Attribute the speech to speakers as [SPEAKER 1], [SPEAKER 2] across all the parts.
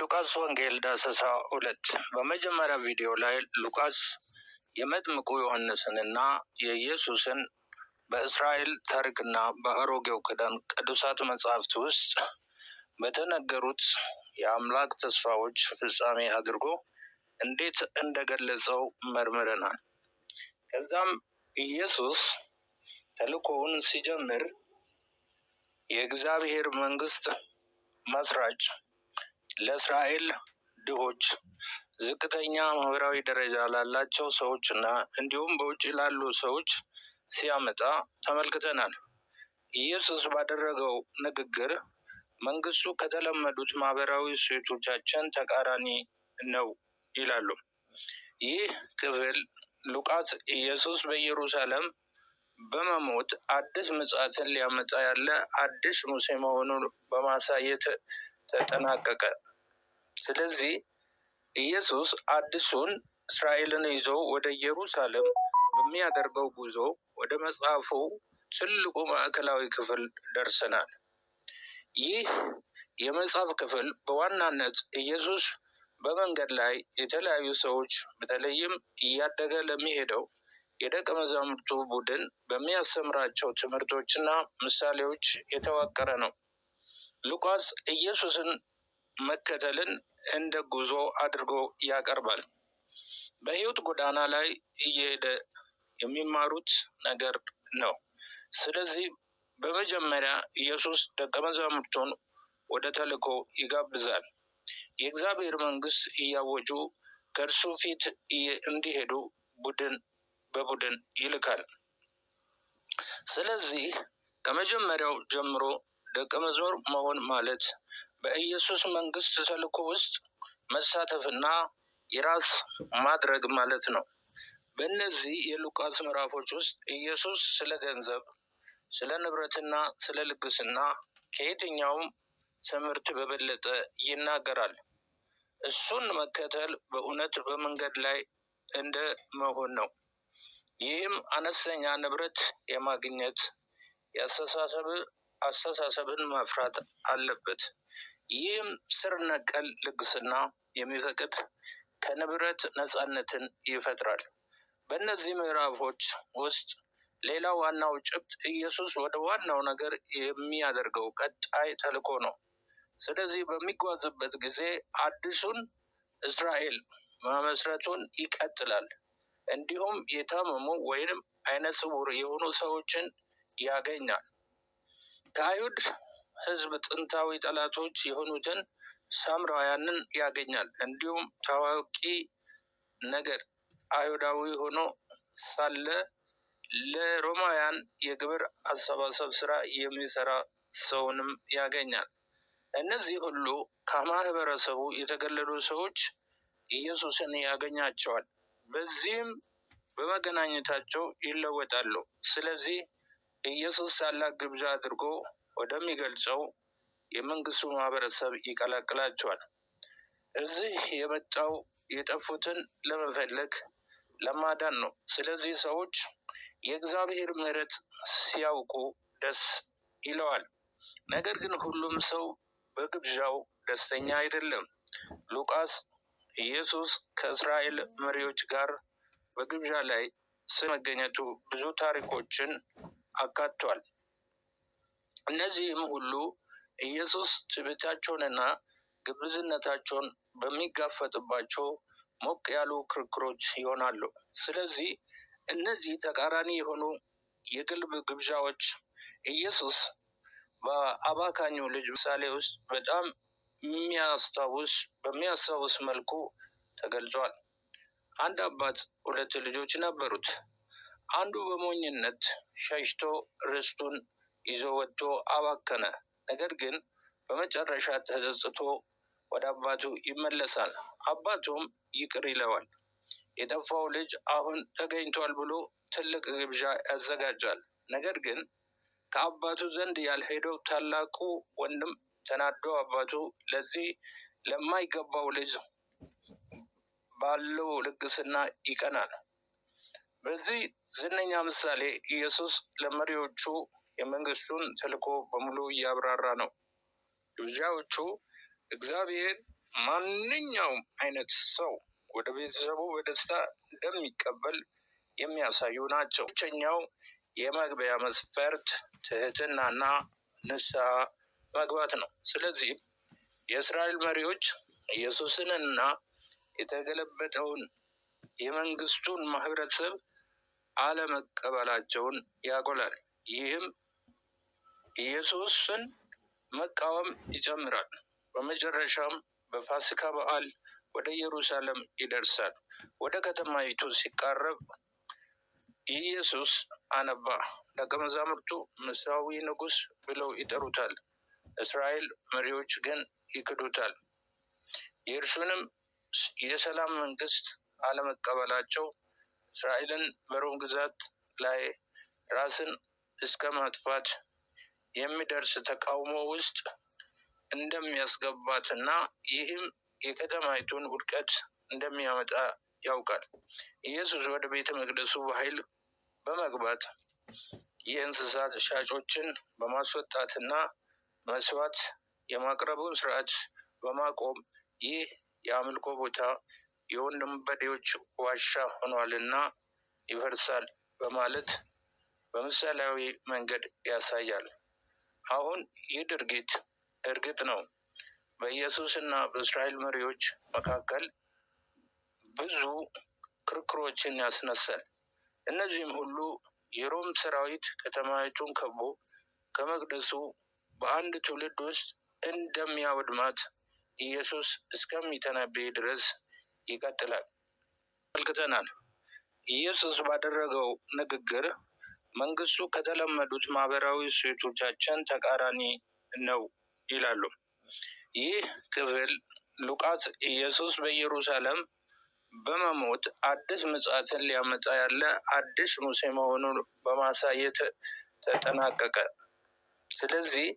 [SPEAKER 1] የሉቃስ ወንጌል ዳሰሳ ሁለት በመጀመሪያ ቪዲዮ ላይ ሉቃስ የመጥምቁ ዮሐንስንና የኢየሱስን በእስራኤል ታሪክና በአሮጌው ክዳን ቅዱሳት መጻሕፍት ውስጥ በተነገሩት የአምላክ ተስፋዎች ፍጻሜ አድርጎ እንዴት እንደገለጸው መርምረናል። ከዛም ኢየሱስ ተልእኮውን ሲጀምር የእግዚአብሔር መንግስት መስራች ለእስራኤል ድሆች፣ ዝቅተኛ ማህበራዊ ደረጃ ላላቸው ሰዎች እና እንዲሁም በውጭ ላሉ ሰዎች ሲያመጣ ተመልክተናል። ኢየሱስ ባደረገው ንግግር መንግስቱ ከተለመዱት ማህበራዊ እሴቶቻችን ተቃራኒ ነው ይላሉ። ይህ ክፍል ሉቃስ ኢየሱስ በኢየሩሳሌም በመሞት አዲስ ምጽአትን ሊያመጣ ያለ አዲስ ሙሴ መሆኑን በማሳየት ተጠናቀቀ። ስለዚህ ኢየሱስ አዲሱን እስራኤልን ይዞ ወደ ኢየሩሳሌም በሚያደርገው ጉዞ ወደ መጽሐፉ ትልቁ ማዕከላዊ ክፍል ደርሰናል። ይህ የመጽሐፍ ክፍል በዋናነት ኢየሱስ በመንገድ ላይ የተለያዩ ሰዎች በተለይም እያደገ ለሚሄደው የደቀ መዛሙርቱ ቡድን በሚያስተምራቸው ትምህርቶችና ምሳሌዎች የተዋቀረ ነው። ሉቃስ ኢየሱስን መከተልን እንደ ጉዞ አድርጎ ያቀርባል። በህይወት ጎዳና ላይ እየሄደ የሚማሩት ነገር ነው። ስለዚህ በመጀመሪያ ኢየሱስ ደቀ መዛሙርቱን ወደ ተልእኮ ይጋብዛል። የእግዚአብሔር መንግስት እያወጁ ከእርሱ ፊት እንዲሄዱ ቡድን በቡድን ይልካል። ስለዚህ ከመጀመሪያው ጀምሮ ደቀ መዝሙር መሆን ማለት በኢየሱስ መንግስት ተልእኮ ውስጥ መሳተፍና የራስ ማድረግ ማለት ነው። በእነዚህ የሉቃስ ምዕራፎች ውስጥ ኢየሱስ ስለ ገንዘብ፣ ስለ ንብረትና ስለ ልግስና ከየትኛውም ትምህርት በበለጠ ይናገራል። እሱን መከተል በእውነት በመንገድ ላይ እንደ መሆን ነው። ይህም አነስተኛ ንብረት የማግኘት የአስተሳሰብ አስተሳሰብን መፍራት አለበት። ይህም ስር ነቀል ልግስና የሚፈቅድ ከንብረት ነፃነትን ይፈጥራል። በእነዚህ ምዕራፎች ውስጥ ሌላ ዋናው ጭብጥ ኢየሱስ ወደ ዋናው ነገር የሚያደርገው ቀጣይ ተልዕኮ ነው። ስለዚህ በሚጓዝበት ጊዜ አዲሱን እስራኤል መመስረቱን ይቀጥላል። እንዲሁም የታመሙ ወይንም አይነ ስውር የሆኑ ሰዎችን ያገኛል። ከአይሁድ ህዝብ ጥንታዊ ጠላቶች የሆኑትን ሳምራውያንን ያገኛል። እንዲሁም ታዋቂ ነገር አይሁዳዊ ሆኖ ሳለ ለሮማውያን የግብር አሰባሰብ ስራ የሚሰራ ሰውንም ያገኛል። እነዚህ ሁሉ ከማህበረሰቡ የተገለሉ ሰዎች ኢየሱስን ያገኛቸዋል። በዚህም በመገናኘታቸው ይለወጣሉ። ስለዚህ ኢየሱስ ታላቅ ግብዣ አድርጎ ወደሚገልጸው የመንግስቱ ማህበረሰብ ይቀላቅላቸዋል። እዚህ የመጣው የጠፉትን ለመፈለግ ለማዳን ነው። ስለዚህ ሰዎች የእግዚአብሔር ምሕረት ሲያውቁ ደስ ይለዋል። ነገር ግን ሁሉም ሰው በግብዣው ደስተኛ አይደለም። ሉቃስ ኢየሱስ ከእስራኤል መሪዎች ጋር በግብዣ ላይ ስለመገኘቱ ብዙ ታሪኮችን አካቷል። እነዚህም ሁሉ ኢየሱስ ትዕቢታቸውንና ግብዝነታቸውን በሚጋፈጥባቸው ሞቅ ያሉ ክርክሮች ይሆናሉ። ስለዚህ እነዚህ ተቃራኒ የሆኑ የቅልብ ግብዣዎች ኢየሱስ በአባካኙ ልጅ ምሳሌ ውስጥ በጣም የሚያስታውስ በሚያስታውስ መልኩ ተገልጿል። አንድ አባት ሁለት ልጆች ነበሩት። አንዱ በሞኝነት ሸሽቶ ርስቱን ይዞ ወጥቶ አባከነ። ነገር ግን በመጨረሻ ተጸጽቶ ወደ አባቱ ይመለሳል። አባቱም ይቅር ይለዋል። የጠፋው ልጅ አሁን ተገኝቷል ብሎ ትልቅ ግብዣ ያዘጋጃል። ነገር ግን ከአባቱ ዘንድ ያልሄደው ታላቁ ወንድም ተናዶ አባቱ ለዚህ ለማይገባው ልጅ ባለው ልግስና ይቀናል። በዚህ ዝነኛ ምሳሌ ኢየሱስ ለመሪዎቹ የመንግስቱን ተልዕኮ በሙሉ እያብራራ ነው። ግብዣዎቹ እግዚአብሔር ማንኛውም አይነት ሰው ወደ ቤተሰቡ በደስታ እንደሚቀበል የሚያሳዩ ናቸው። ብቸኛው የመግቢያ መስፈርት ትህትናና ንስሐ መግባት ነው። ስለዚህም የእስራኤል መሪዎች ኢየሱስንና የተገለበጠውን የመንግስቱን ማህበረሰብ አለመቀበላቸውን ያጎላል። ይህም ኢየሱስን መቃወም ይጨምራል። በመጨረሻም በፋሲካ በዓል ወደ ኢየሩሳሌም ይደርሳል። ወደ ከተማይቱ ሲቃረብ ኢየሱስ አነባ። ደቀ መዛሙርቱ ምሳዊ ንጉሥ ብለው ይጠሩታል። እስራኤል መሪዎች ግን ይክዱታል። የእርሱንም የሰላም መንግስት አለመቀበላቸው እስራኤልን በሮም ግዛት ላይ ራስን እስከ ማጥፋት የሚደርስ ተቃውሞ ውስጥ እንደሚያስገባት እና ይህም የከተማይቱን ውድቀት እንደሚያመጣ ያውቃል። ኢየሱስ ወደ ቤተ መቅደሱ በኃይል በመግባት የእንስሳት ሻጮችን በማስወጣትና መስዋዕት የማቅረቡን ስርዓት በማቆም ይህ የአምልኮ ቦታ የወንበዴዎች ዋሻ ሆኗልና ይፈርሳል በማለት በምሳሌያዊ መንገድ ያሳያል። አሁን ይህ ድርጊት እርግጥ ነው በኢየሱስ በእስራኤል መሪዎች መካከል ብዙ ክርክሮችን ያስነሳል። እነዚህም ሁሉ የሮም ሰራዊት ከተማይቱን ከቦ ከመቅደሱ በአንድ ትውልድ ውስጥ እንደሚያወድማት ኢየሱስ እስከሚተነብይ ድረስ ይቀጥላል። መልክተናል ኢየሱስ ባደረገው ንግግር መንግስቱ ከተለመዱት ማህበራዊ እሴቶቻችን ተቃራኒ ነው ይላሉ። ይህ ክፍል ሉቃስ ኢየሱስ በኢየሩሳሌም በመሞት አዲስ ምጽአትን ሊያመጣ ያለ አዲስ ሙሴ መሆኑን በማሳየት ተጠናቀቀ። ስለዚህ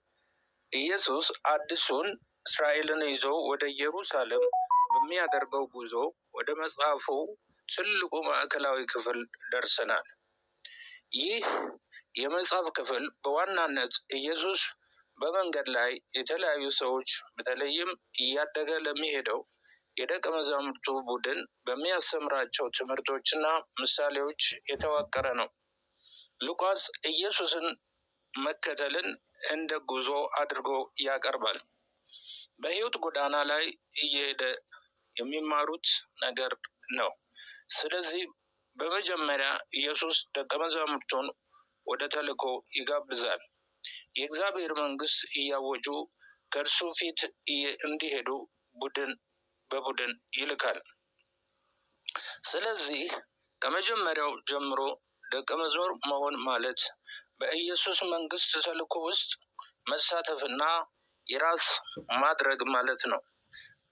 [SPEAKER 1] ኢየሱስ አዲሱን እስራኤልን ይዞ ወደ ኢየሩሳሌም በሚያደርገው ጉዞ ወደ መጽሐፉ ትልቁ ማዕከላዊ ክፍል ደርሰናል። ይህ የመጽሐፍ ክፍል በዋናነት ኢየሱስ በመንገድ ላይ የተለያዩ ሰዎች በተለይም እያደገ ለሚሄደው የደቀ መዛሙርቱ ቡድን በሚያስተምራቸው ትምህርቶችና ምሳሌዎች የተዋቀረ ነው። ሉቃስ ኢየሱስን መከተልን እንደ ጉዞ አድርጎ ያቀርባል። በሕይወት ጎዳና ላይ እየሄደ የሚማሩት ነገር ነው። ስለዚህ በመጀመሪያ ኢየሱስ ደቀ መዛሙርቱን ወደ ተልእኮ ይጋብዛል። የእግዚአብሔር መንግስት እያወጁ ከእርሱ ፊት እንዲሄዱ ቡድን በቡድን ይልካል። ስለዚህ ከመጀመሪያው ጀምሮ ደቀ መዝሙር መሆን ማለት በኢየሱስ መንግስት ተልእኮ ውስጥ መሳተፍና የራስ ማድረግ ማለት ነው።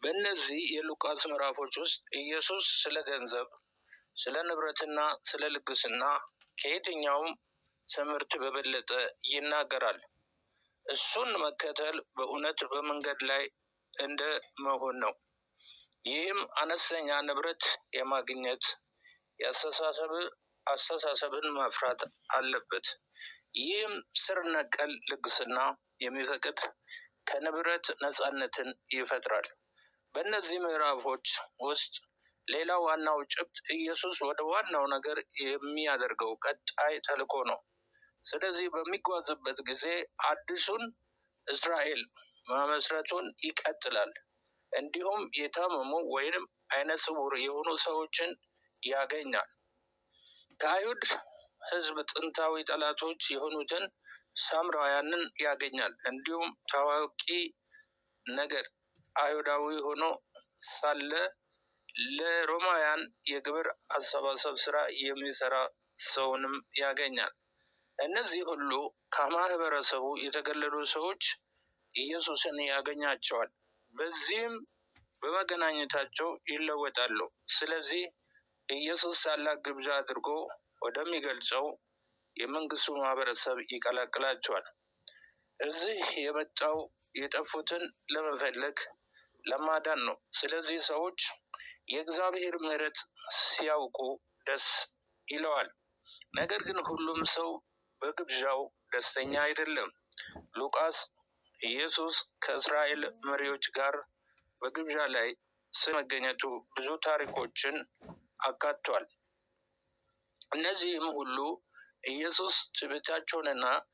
[SPEAKER 1] በእነዚህ የሉቃስ ምዕራፎች ውስጥ ኢየሱስ ስለ ገንዘብ፣ ስለ ንብረትና ስለ ልግስና ከየትኛውም ትምህርት በበለጠ ይናገራል። እሱን መከተል በእውነት በመንገድ ላይ እንደ መሆን ነው። ይህም አነስተኛ ንብረት የማግኘት አስተሳሰብን ማፍራት አለበት። ይህም ስር ነቀል ልግስና የሚፈቅድ ከንብረት ነፃነትን ይፈጥራል። በእነዚህ ምዕራፎች ውስጥ ሌላ ዋናው ጭብጥ ኢየሱስ ወደ ዋናው ነገር የሚያደርገው ቀጣይ ተልእኮ ነው። ስለዚህ በሚጓዝበት ጊዜ አዲሱን እስራኤል መመስረቱን ይቀጥላል። እንዲሁም የታመሙ ወይንም አይነ ስውር የሆኑ ሰዎችን ያገኛል። ከአይሁድ ሕዝብ ጥንታዊ ጠላቶች የሆኑትን ሳምራውያንን ያገኛል። እንዲሁም ታዋቂ ነገር አይሁዳዊ ሆኖ ሳለ ለሮማውያን የግብር አሰባሰብ ስራ የሚሰራ ሰውንም ያገኛል። እነዚህ ሁሉ ከማህበረሰቡ የተገለሉ ሰዎች ኢየሱስን ያገኛቸዋል። በዚህም በመገናኘታቸው ይለወጣሉ። ስለዚህ ኢየሱስ ታላቅ ግብዣ አድርጎ ወደሚገልጸው የመንግስቱ ማህበረሰብ ይቀላቅላቸዋል። እዚህ የመጣው የጠፉትን ለመፈለግ ለማዳን ነው። ስለዚህ ሰዎች የእግዚአብሔር ምሕረት ሲያውቁ ደስ ይለዋል። ነገር ግን ሁሉም ሰው በግብዣው ደስተኛ አይደለም። ሉቃስ ኢየሱስ ከእስራኤል መሪዎች ጋር በግብዣ ላይ ስለመገኘቱ ብዙ ታሪኮችን አካቷል። እነዚህም ሁሉ ኢየሱስ ትዕቢታቸውንና